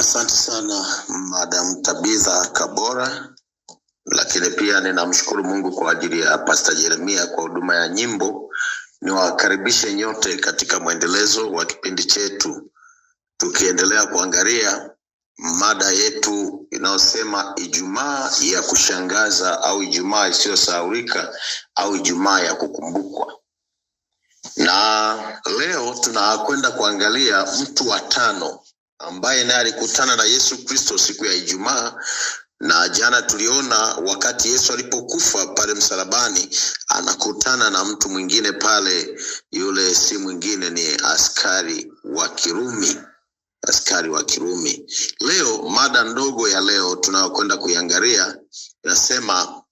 Asante sana Madam Tabitha Kabora, lakini pia ninamshukuru Mungu kwa ajili ya Pastor Jeremia kwa huduma ya nyimbo. Niwakaribishe nyote katika mwendelezo wa kipindi chetu tukiendelea kuangalia mada yetu inayosema Ijumaa ya kushangaza au Ijumaa isiyosahaulika au Ijumaa ya kukumbukwa. Na leo tunakwenda kuangalia mtu wa tano ambaye naye alikutana na Yesu Kristo siku ya Ijumaa na jana tuliona wakati Yesu alipokufa pale msalabani, anakutana na mtu mwingine pale. Yule si mwingine ni askari wa Kirumi, askari wa Kirumi. Leo mada ndogo ya leo tunayokwenda kuiangalia inasema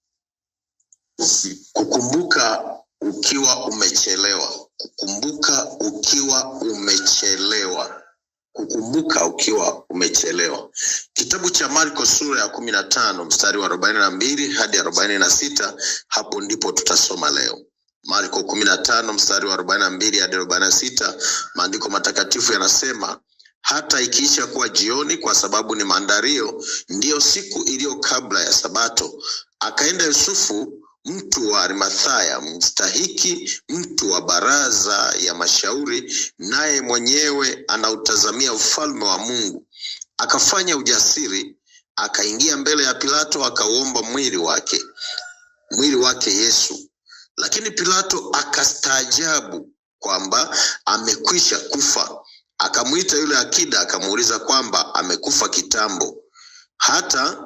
kukumbuka ukiwa umechelewa, kukumbuka ukiwa umechelewa kukumbuka ukiwa umechelewa. Kitabu cha Marko sura ya kumi na tano mstari wa arobaini na mbili hadi arobaini na sita hapo ndipo tutasoma leo. Marko kumi na tano mstari wa arobaini na mbili hadi arobaini na sita maandiko matakatifu yanasema hata ikiisha kuwa jioni, kwa sababu ni maandario, ndiyo siku iliyo kabla ya Sabato, akaenda Yusufu mtu wa Arimathaya, mstahiki, mtu wa baraza ya mashauri, naye mwenyewe anautazamia ufalme wa Mungu. Akafanya ujasiri, akaingia mbele ya Pilato, akauomba mwili wake, mwili wake Yesu. Lakini Pilato akastaajabu kwamba amekwisha kufa. Akamwita yule akida, akamuuliza kwamba amekufa kitambo. Hata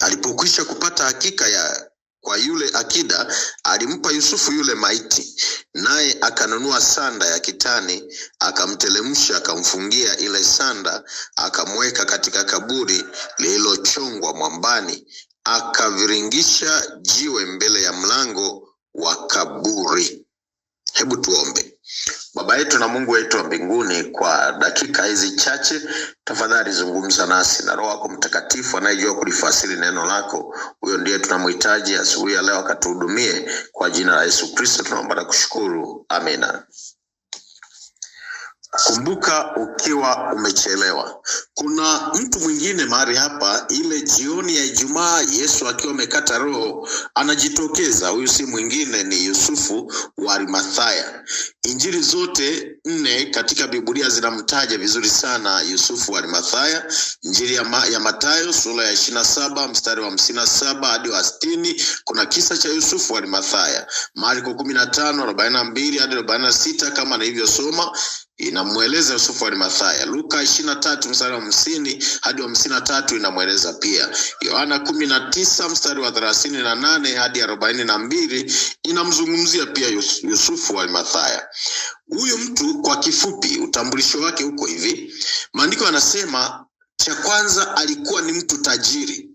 alipokwisha kupata hakika ya kwa yule akida alimpa Yusufu yule maiti, naye akanunua sanda ya kitani, akamtelemsha, akamfungia ile sanda, akamweka katika kaburi lililochongwa mwambani, akaviringisha jiwe mbele ya mlango wa kaburi. Hebu tuombe. Baba yetu na Mungu wetu wa mbinguni, kwa dakika hizi chache tafadhali zungumza nasi na Roho yako Mtakatifu anayejua kulifasiri neno lako. Huyo ndiye tunamhitaji asubuhi ya leo, akatuhudumie. Kwa jina la Yesu Kristo tunaomba na kushukuru, amina. Kumbuka ukiwa umechelewa. Kuna mtu mwingine mahali hapa, ile jioni ya Ijumaa, Yesu akiwa amekata roho, anajitokeza. Huyu si mwingine, ni Yusufu wa Arimathaya. injiri zote nne katika Biblia zinamtaja vizuri sana Yusufu wa Arimathaya. injiri ya, ma, ya matayo sura ya ishirini na saba mstari wa hamsini na saba hadi wa stini kuna kisa cha Yusufu wa Arimathaya. Marko kumi na tano arobaini na mbili hadi arobaini na sita kama nilivyosoma inamweleza Yusufu wa Arimathaya. Luka ishirini na tatu mstari wa hamsini hadi wa hamsini na tatu inamweleza pia. Yohana kumi na tisa mstari wa thelathini na nane hadi arobaini na mbili inamzungumzia pia Yusufu wa Arimathaya. Huyu mtu kwa kifupi, utambulisho wake uko hivi, maandiko yanasema cha kwanza alikuwa ni mtu tajiri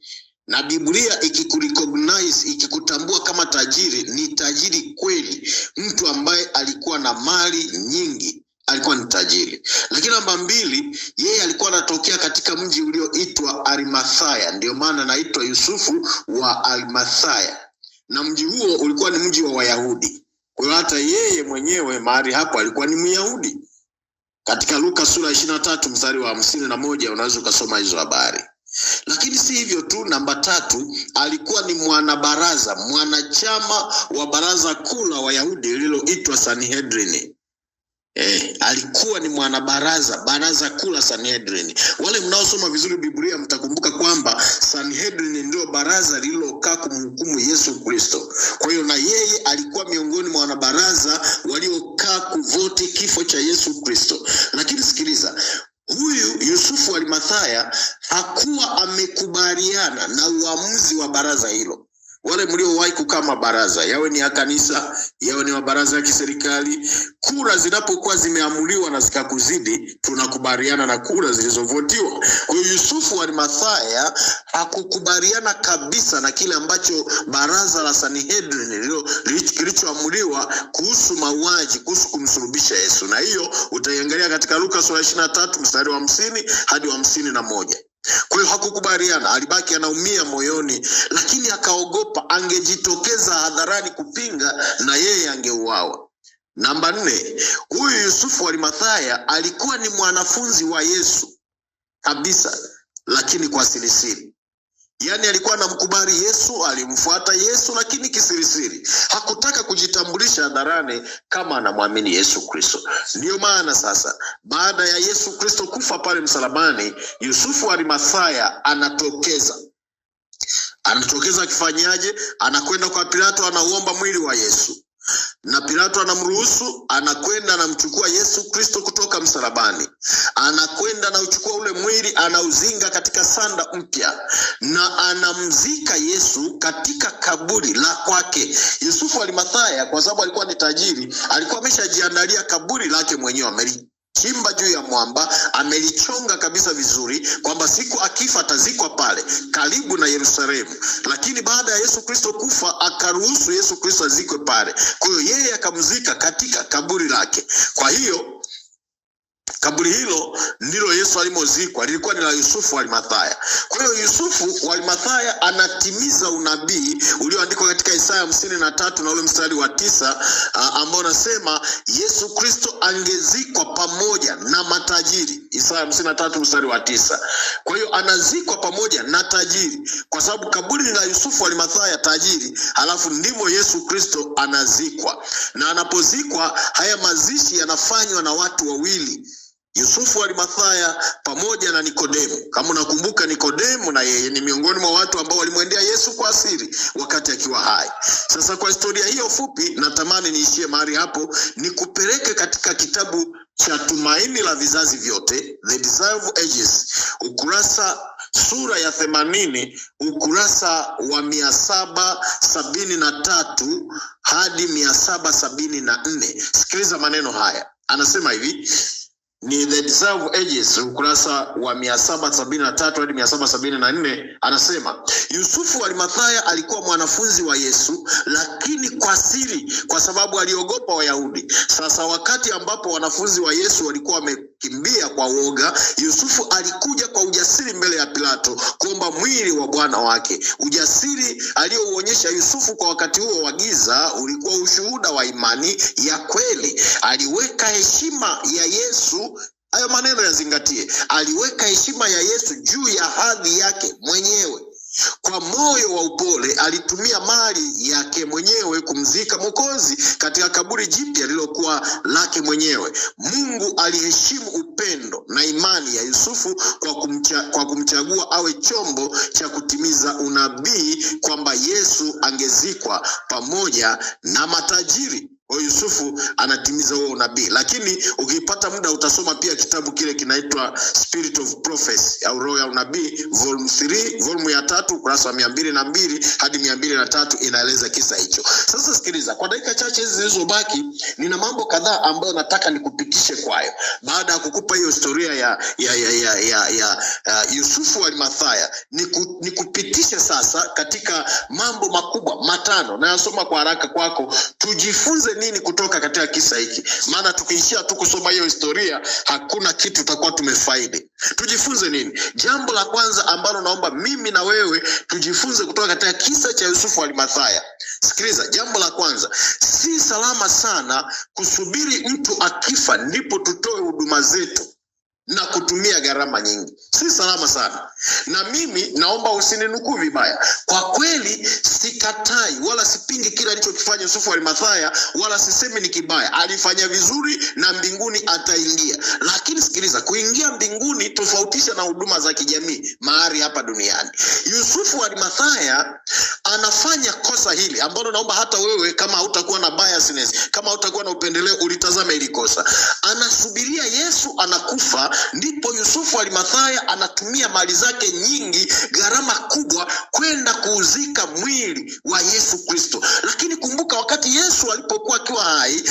na Biblia ikikurecognize ikikutambua kama tajiri, ni tajiri kweli, mtu ambaye alikuwa na mali nyingi alikuwa ni tajiri. Lakini namba mbili, yeye alikuwa anatokea katika mji ulioitwa Arimathaya, ndio maana anaitwa Yusufu wa Arimathaya, na mji huo ulikuwa ni mji wa Wayahudi. Kwa hiyo hata yeye mwenyewe mahali hapo alikuwa ni Myahudi. Katika Luka sura ishirini na tatu mstari wa hamsini na moja unaweza ukasoma hizo habari. Lakini si hivyo tu, namba tatu, alikuwa ni mwanabaraza, mwanachama wa baraza kuu la Wayahudi lililoitwa Sanhedrini. Eh, alikuwa ni mwanabaraza baraza kuu la Sanhedrin. Wale mnaosoma vizuri Biblia mtakumbuka kwamba Sanhedrin ndio baraza lililokaa kumhukumu Yesu Kristo. Kwa hiyo na yeye alikuwa miongoni mwa wanabaraza waliokaa kuvoti kifo cha Yesu Kristo. Lakini sikiliza, huyu Yusufu Arimathaya hakuwa amekubaliana na uamuzi wa baraza hilo wale mliowahi kukaa mabaraza, yawe ni ya kanisa, yawe ni mabaraza ya kiserikali, kura zinapokuwa zimeamuliwa na zikakuzidi, tunakubaliana na kura zilizovotiwa. Kwa hiyo Yusufu Arimathaya hakukubaliana kabisa na kile ambacho baraza la Sanhedrin kilichoamuliwa kuhusu mauaji, kuhusu kumsulubisha Yesu, na hiyo utaiangalia katika Luka sura ishirini na tatu mstari wa hamsini hadi wa hamsini na moja. Kwa hiyo hakukubaliana, alibaki anaumia moyoni, lakini akaogopa. Angejitokeza hadharani kupinga, na yeye angeuawa. Namba nne, huyu Yusufu Arimathaya alikuwa ni mwanafunzi wa Yesu kabisa, lakini kwa sirisiri. Yaani alikuwa anamkubali Yesu, alimfuata Yesu, lakini kisirisiri. Hakutaka kujitambulisha hadharani kama anamwamini Yesu Kristo. Ndiyo maana sasa, baada ya Yesu Kristo kufa pale msalabani, Yusufu Arimathaya anatokeza anatokeza akifanyaje? Anakwenda kwa Pilato, anauomba mwili wa Yesu na Pilato anamruhusu, anakwenda anamchukua Yesu Kristo kutoka msalabani, anakwenda anauchukua ule mwili anauzinga katika sanda mpya, na anamzika Yesu katika kaburi la kwake. Yusufu Alimathaya, kwa sababu alikuwa ni tajiri, alikuwa ameshajiandalia kaburi lake mwenyewe, Chimba juu ya mwamba, amelichonga kabisa vizuri, kwamba siku akifa atazikwa pale karibu na Yerusalemu. Lakini baada ya Yesu Kristo kufa, akaruhusu Yesu Kristo azikwe pale. Kwa hiyo yeye akamzika katika kaburi lake. Kwa hiyo Kaburi hilo ndilo Yesu alimozikwa, lilikuwa ni la Yusufu Alimathaya. Kwa hiyo Yusufu Alimathaya anatimiza unabii ulioandikwa katika Isaya hamsini na tatu na ule mstari wa tisa ambao unasema Yesu Kristo angezikwa pamoja na matajiri. Isaya hamsini na tatu mstari wa tisa. Kwa hiyo anazikwa pamoja na tajiri, kwa sababu kaburi la Yusufu Alimathaya tajiri, halafu ndimo Yesu Kristo anazikwa, na anapozikwa haya mazishi yanafanywa na watu wawili Yusufu Arimathaya pamoja na Nikodemu. Kama unakumbuka, Nikodemu na yeye ni miongoni mwa watu ambao walimwendea Yesu kwa asiri wakati akiwa hai. Sasa kwa historia hiyo fupi, natamani niishie mahali hapo, nikupeleke katika kitabu cha Tumaini la Vizazi Vyote, The Desire of Ages, ukurasa sura ya themanini ukurasa wa mia saba sabini na tatu hadi mia saba sabini na nne Sikiliza maneno haya, anasema hivi ni the deserve ages ukurasa wa tatu hadi nne anasema Yusufu Arimathaya alikuwa mwanafunzi wa Yesu lakini kwa siri, kwa sababu aliogopa Wayahudi. Sasa wakati ambapo wanafunzi wa Yesu walikuwa wame Kimbia kwa woga, Yusufu alikuja kwa ujasiri mbele ya Pilato kuomba mwili wa bwana wake. Ujasiri aliyouonyesha Yusufu kwa wakati huo wa giza ulikuwa ushuhuda wa imani ya kweli. Aliweka heshima ya Yesu Hayo maneno yazingatie. Aliweka heshima ya Yesu juu ya hadhi yake mwenyewe. Kwa moyo wa upole alitumia mali yake mwenyewe kumzika Mwokozi katika kaburi jipya lililokuwa lake mwenyewe. Mungu aliheshimu upendo na imani ya Yusufu kwa, kumcha, kwa kumchagua awe chombo cha kutimiza unabii kwamba Yesu angezikwa pamoja na matajiri. Kwa Yusufu anatimiza huo unabii, lakini ukipata muda utasoma pia kitabu kile kinaitwa Spirit of Prophecy au roho ya unabii volume 3, volume ya tatu ukurasa wa mia mbili na mbili hadi mia mbili na tatu inaeleza kisa hicho. Sasa sikiliza, kwa dakika chache hizi zilizobaki, nina mambo kadhaa ambayo nataka nikupitishe kwayo, baada ya kukupa hiyo historia ya ya ya ya, ya, ya uh, Yusufu wa Arimathaya, niku, nikupitishe sasa katika mambo makubwa matano, nayasoma kwa haraka kwako, tujifunze tujifunze nini kutoka katika kisa hiki, maana tukiishia tu kusoma hiyo historia hakuna kitu tutakuwa tumefaidi. Tujifunze nini? Jambo la kwanza ambalo naomba mimi na wewe tujifunze kutoka katika kisa cha Yusufu Alimathaya, sikiliza, jambo la kwanza, si salama sana kusubiri mtu akifa ndipo tutoe huduma zetu na kutumia gharama nyingi, si salama sana. Na mimi naomba usininukuu vibaya, kwa kweli sikatai wala sipingi kile alichokifanya Yusufu Arimathaya, wala sisemi ni kibaya. Alifanya vizuri na mbinguni ataingia, lakini sikiliza, kuingia mbinguni tofautisha na huduma za kijamii mahali hapa duniani. Yusufu Arimathaya anafanya kosa hili ambalo naomba hata wewe kama hautakuwa na biasness, kama hautakuwa na upendeleo, ulitazama hili kosa. Anasubiria Yesu anakufa ndipo Yusufu Alimathaya anatumia mali zake nyingi, gharama kubwa, kwenda kuuzika mwili wa Yesu Kristo. Lakini kumbuka, wakati Yesu alipokuwa akiwa hai,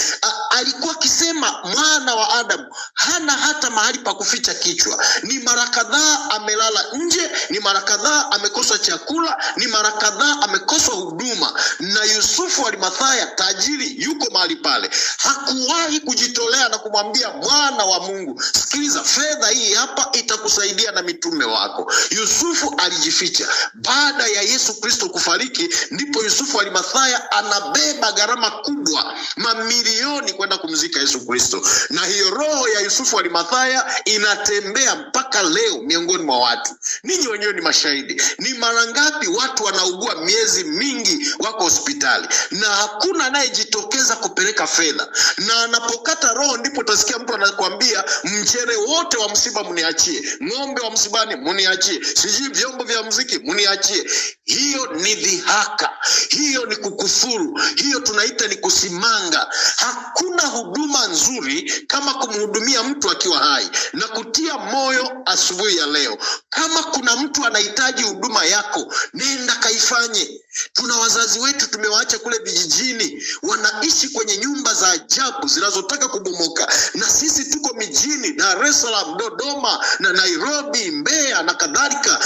alikuwa akisema mwana wa Adamu hana hata mahali pa kuficha kichwa. Ni mara kadhaa amelala nje, ni mara kadhaa amekosa chakula, ni mara kadhaa amekosa huduma. Na Yusufu Alimathaya tajiri yuko mahali pale, hakuwahi kujitolea na kumwambia mwana wa Mungu, sikiliza fedha hii hapa itakusaidia na mitume wako. Yusufu alijificha. Baada ya Yesu Kristo kufariki, ndipo Yusufu Arimathaya anabeba gharama kubwa, mamilioni kwenda kumzika Yesu Kristo, na hiyo roho ya Yusufu Arimathaya inatembea mpaka leo miongoni mwa watu. Ninyi wenyewe ni mashahidi. Ni mara ngapi watu wanaugua miezi mingi, wako hospitali na hakuna anayejitokeza kupeleka fedha, na anapokata roho ndipo utasikia mtu anakuambia mchere wote wote wa msiba mniachie, ng'ombe wa msibani mniachie, sijui vyombo vya mziki mniachie. Hiyo ni dhihaka, hiyo ni kukufuru, hiyo tunaita ni kusimanga. Hakuna huduma nzuri kama kumhudumia mtu akiwa hai, na kutia moyo asubuhi ya leo, kama kuna mtu anahitaji huduma yako, nenda kaifanye. Tuna wazazi wetu tumewaacha kule vijijini, wanaishi kwenye nyumba za ajabu zinazotaka kubomoka, na sisi tuko mijini, Dar es Salaam, Dodoma na Nairobi, Mbeya na kadhalika,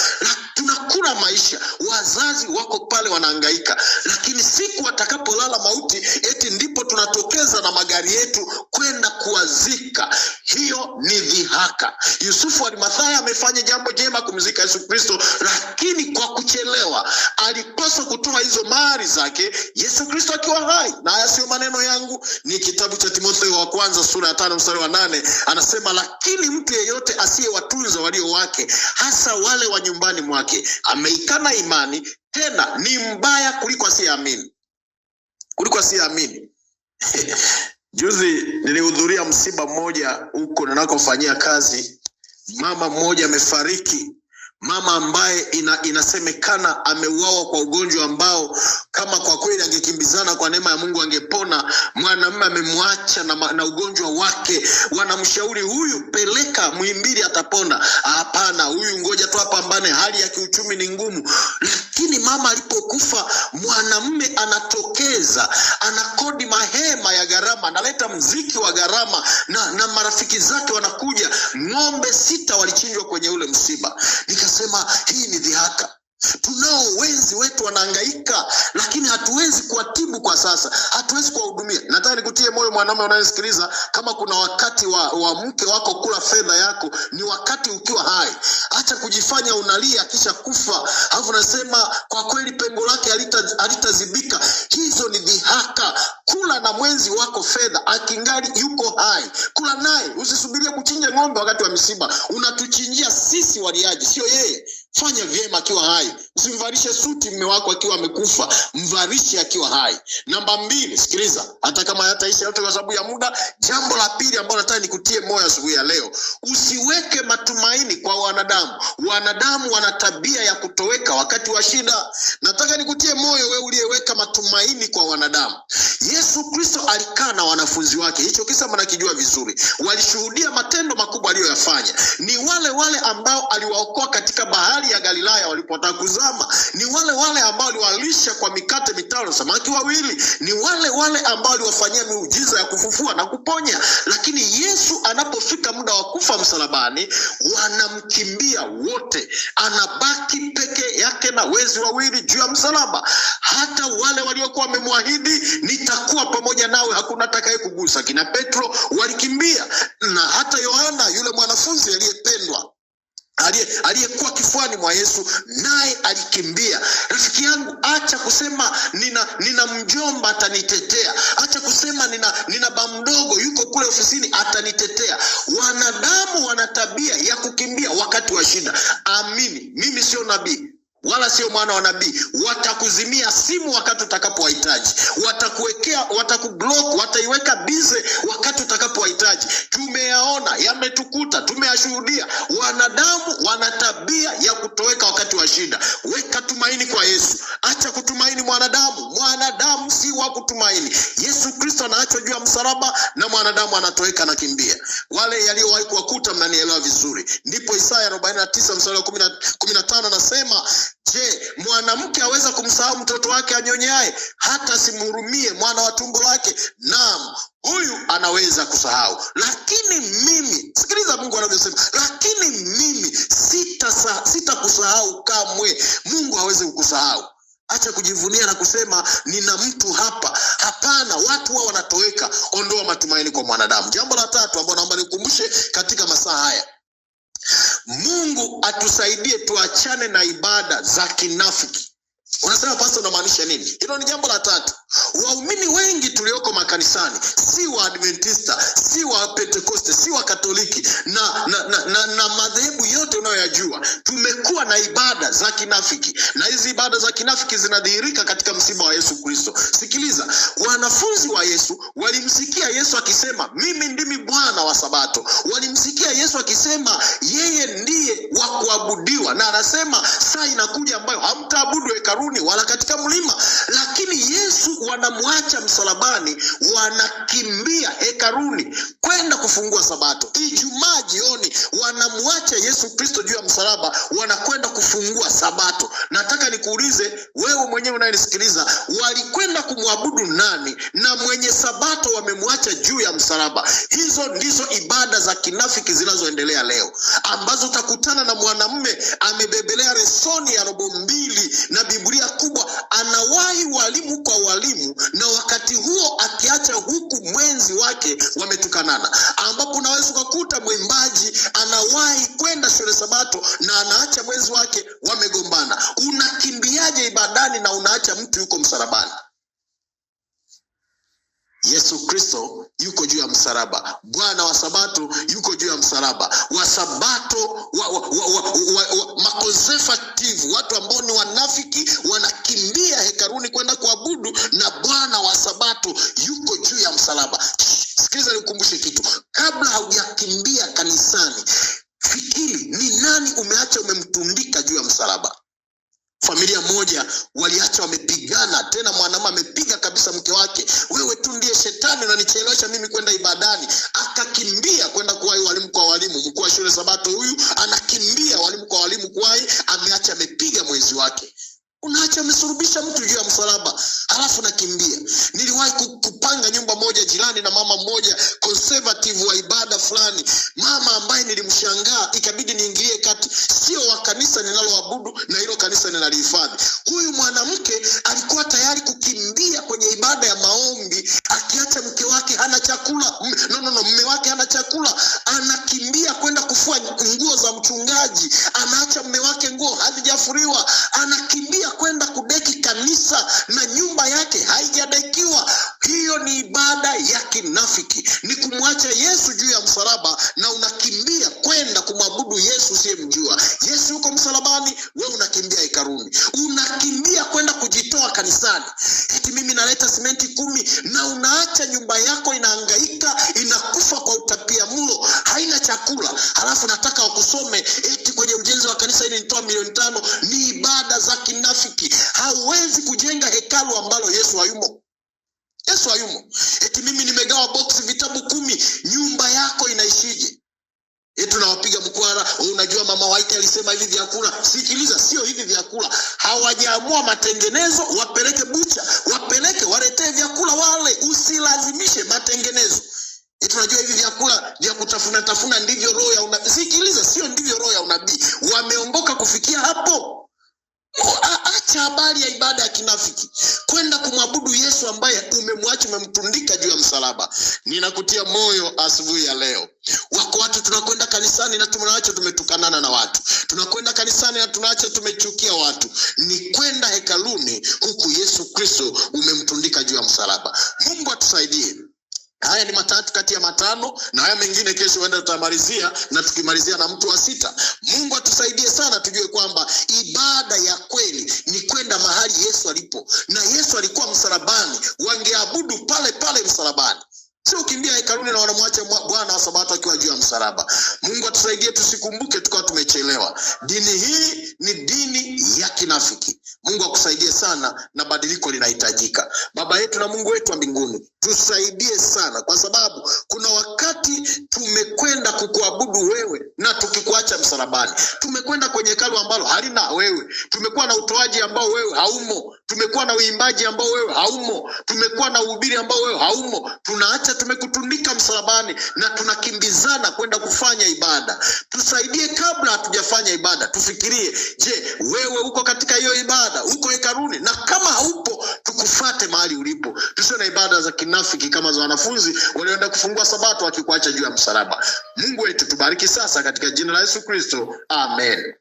tunakula maisha. Wazazi wako pale wanahangaika, lakini siku watakapolala mauti, eti ndipo tunatokeza na magari yetu kwenda kuwazika. Hiyo ni dhihaka. Yusufu Arimathaya amefanya jambo jema kumzika Yesu Kristo, lakini kwa kuchelewa. Alipaswa kutoa hizo mali zake Yesu Kristo akiwa hai. Na haya sio maneno yangu, ni kitabu cha Timotheo wa kwanza sura ya tano mstari wa nane anasema, lakini mtu yeyote asiyewatunza walio wake, hasa wale wa nyumbani mwake, ameikana imani, tena ni mbaya kuliko asiyeamini, kuliko asiyeamini. Juzi nilihudhuria msiba mmoja huko ninakofanyia kazi, mama mmoja amefariki mama ambaye ina, inasemekana ameuawa kwa ugonjwa ambao kama kwa kweli angekimbizana kwa neema ya Mungu angepona. Mwanamume amemwacha na, na ugonjwa wake, wanamshauri huyu, peleka Muhimbili atapona. Hapana, huyu ngoja tu apambane, hali ya kiuchumi ni ngumu. Lakini mama alipokufa, mwanamume anatokeza, anakodi mahema ya gharama, analeta mziki wa gharama na, na marafiki zake wanakuja, ng'ombe sita walichinjwa kwenye ule msiba Nika Anasema hii ni dhihaka. Tunao wenzi wetu wanaangaika lakini hatuwezi kuwatibu kwa sasa, hatuwezi kuwahudumia. Nataka nikutie moyo mwanaume unayesikiliza, kama kuna wakati wa, wa mke wako kula fedha yako, ni wakati ukiwa hai. hacha kujifanya unalia kisha kufa, alafu nasema kwa kweli pengo lake halitazibika. Hii kula na mwenzi wako fedha akingali yuko hai, kula naye, usisubirie kuchinja ng'ombe wakati wa misiba. Unatuchinjia sisi waliaji, sio yeye. Fanya vyema akiwa hai, usimvalishe suti mme wako akiwa amekufa, mvalishe akiwa hai. Namba mbili, sikiliza, hata kama hataisha yote kwa sababu ya muda. Jambo la pili ambalo nataka nikutie moyo asubuhi ya leo, usiweke matumaini kwa wanadamu. Wanadamu wana tabia ya kutoweka wakati wa shida. Nataka nikutie moyo wewe uliyeweka matumaini kwa wanadamu. Yesu Kristo alikaa na wanafunzi wake, hicho kisa mnakijua vizuri, walishuhudia matendo makubwa aliyoyafanya. Ni wale wale ambao aliwaokoa katika bahari bahari ya Galilaya walipotaka kuzama, ni wale wale ambao aliwalisha kwa mikate mitano samaki wawili, ni wale wale ambao aliwafanyia miujiza ya kufufua na kuponya. Lakini Yesu anapofika muda wa kufa msalabani, wanamkimbia wote, anabaki peke yake na wezi wawili juu ya msalaba. Hata wale waliokuwa wamemwahidi, nitakuwa pamoja nawe, hakuna atakaye kugusa, kina Petro walikimbia, na hata Yohana yule mwanafunzi aliyependwa aliyekuwa kifuani mwa Yesu naye alikimbia. Rafiki yangu, acha kusema nina nina mjomba atanitetea, acha kusema nina nina mdogo yuko kule ofisini atanitetea. Wanadamu wana tabia ya kukimbia wakati wa shida. Amini mimi sio nabii, wala sio mwana wa nabii. Watakuzimia simu wakati utakapowahitaji, watakuwekea, watakublock, wataiweka bize wakati utakapowahitaji. Tumeyaona, yametukuta, tumeyashuhudia. Wanadamu wana tabia ya kutoweka wakati wa shida. Weka tumaini kwa Yesu, acha kutumaini mwanadamu. Mwanadamu si wa kutumaini. Yesu Kristo anaachwa juu ya msalaba na mwanadamu anatoweka, anakimbia. Wale yaliyowahi kuwakuta, mnanielewa vizuri. Ndipo Isaya 49 mstari wa 15 anasema Je, mwanamke aweza kumsahau mtoto wake anyonyaye hata simhurumie mwana wa tumbo lake? Naam, huyu anaweza kusahau, lakini mimi, sikiliza Mungu anavyosema, lakini mimi sitakusahau sita kamwe. Mungu hawezi kukusahau. Acha kujivunia na kusema nina mtu hapa. Hapana, watu wao wanatoweka. Ondoa matumaini kwa mwanadamu. Jambo la tatu ambalo naomba nikukumbushe katika masaa haya Mungu atusaidie tuachane na ibada za kinafiki. Unasema pastor, unamaanisha nini? Hilo ni jambo la tatu. Waumini wengi tulioko makanisani si wa Adventista, si wa Pentekoste, si wa Katoliki na na, na, na, na madhehebu yote unayoyajua, tumekuwa na ibada za kinafiki, na hizi ibada za kinafiki zinadhihirika katika msiba wa Yesu Kristo. Sikiliza, wanafunzi wa Yesu walimsikia Yesu akisema mimi ndimi Bwana wa Sabato, walimsikia Yesu akisema yeye ndiye wa kuabudiwa, na anasema saa inakuja ambayo hamtaabudu hekalu Haruni wala katika mlima, lakini Yesu wanamwacha msalabani, wanakimbia hekaruni kwenda kufungua Sabato. Ijumaa jioni wanamwacha Yesu Kristo juu ya msalaba, wanakwenda kufungua Sabato. Nataka nikuulize wewe mwenyewe unayenisikiliza, walikwenda kumwabudu nani na mwenye Sabato wamemwacha juu ya msalaba? Hizo ndizo ibada za kinafiki zinazoendelea leo, ambazo utakutana na mwanamume amebebelea resoni ya robo mbili na Biblia kubwa, anawahi walimu kwa walimu, na wakati huo akiacha huku mwenzi wake wametukanana, ambapo unaweza ukakuta mwimbaji anawahi kwenda shule Sabato na anaacha mwenzi wake wamegombana. Unakimbiaje ibadani na unaacha mtu yuko msalabani? Yesu Kristo yuko juu ya msalaba. Bwana wa Sabato yuko juu ya msalaba. Wasabato wa, wa, wa, wa, wa, wa, makonservative, watu ambao ni wanafiki, wanakimbia hekaruni kwenda kuabudu, na Bwana wa Sabato yuko juu ya msalaba. Sikiliza nikukumbushe kitu, kabla haujakimbia kanisani, fikiri ni nani umeacha umemtundika juu ya msalaba familia moja waliacha wamepigana, tena mwanaume amepiga kabisa mke wake, wewe tu ndiye shetani unanichelewesha mimi kwenda ibadani. Akakimbia kwenda kuwahi walimu kwa walimu. Mkuu wa shule Sabato huyu anakimbia walimu kwa walimu kuwahi, ameacha amepiga mwenzi wake unaacha amesurubisha mtu juu ya msalaba alafu nakimbia. Niliwahi kupanga nyumba moja jirani na mama mmoja conservative wa ibada fulani, mama ambaye nilimshangaa, ikabidi niingilie kati, sio wa kanisa ninaloabudu na hilo kanisa ninalihifadhi. Huyu mwanamke alikuwa tayari kukimbia kwenye ibada ya maombi, akiacha mke wake hana chakula, no, no, no, mme wake hana chakula, anakimbia kwenda kufua nguo za mchungaji, anaacha mme wake nguo hazijafuriwa, anak senti kumi na unaacha nyumba yako inaangaika inakufa kwa utapia mlo, haina chakula, halafu nataka wakusome eti kwenye ujenzi wa kanisa ili nitoa milioni tano. Ni ibada za kinafiki. Hauwezi kujenga hekalu ambalo Yesu hayumo. Yesu hayumo. Eti mimi nimegawa boksi vitabu kumi, nyumba yako inaishije? E, tunawapiga mkwara. Unajua mama waite alisema hivi vyakula, sikiliza, sio hivi vyakula. Hawajaamua matengenezo, wapeleke bucha, wapeleke waletee vyakula wale, usilazimishe matengenezo. E, tunajua hivi vyakula vya kutafuna tafuna ndivyo roho ya unabii. Sikiliza, sio ndivyo roho ya unabii. Wameongoka kufikia hapo. Acha habari ya ibada ya kinafiki kwenda kumwabudu Yesu ambaye umemwacha, umemtundika juu ya msalaba. Ninakutia moyo asubuhi ya leo. Wako watu tunakwenda kanisani na tunaacha tumetukanana na watu, tunakwenda kanisani na tunaacha tumechukia watu. Ni kwenda hekaluni, huku Yesu Kristo umemtundika juu ya msalaba. Mungu atusaidie. Haya ni matatu kati ya matano, na haya mengine kesho enda tutamalizia, na tukimalizia na mtu wa sita. Mungu atusaidie sana, tujue kwamba ibada ya kweli ni kwenda mahali Yesu alipo, na Yesu alikuwa msalabani, wangeabudu pale pale msalabani. Sio ukimbia hekaluni na wanamwacha Bwana wa Sabato akiwa juu ya msalaba. Mungu atusaidie tusikumbuke tukawa tumechelewa. Dini hii ni dini ya kinafiki. Mungu akusaidie sana, na badiliko linahitajika. Baba yetu na Mungu wetu wa mbinguni, tusaidie sana, kwa sababu kuna wakati tumekwenda kukuabudu wewe na tuki tumeacha msalabani, tumekwenda kwenye hekalu ambalo halina wewe, tumekuwa na utoaji ambao wewe haumo, tumekuwa na uimbaji ambao wewe haumo, tumekuwa na uhubiri ambao wewe haumo. Tunaacha, tumekutundika msalabani na tunakimbizana kwenda kufanya ibada. Tusaidie, kabla hatujafanya ibada tufikirie, je, wewe uko katika hiyo ibada? Uko hekaluni? Na kama haupo tukufate mahali ulipo, tusiwe na ibada za kinafiki kama za wanafunzi walioenda kufungua Sabato wakikuacha juu ya msalaba. Mungu wetu, tubariki sasa katika jina la Yesu. Cristo. Amém.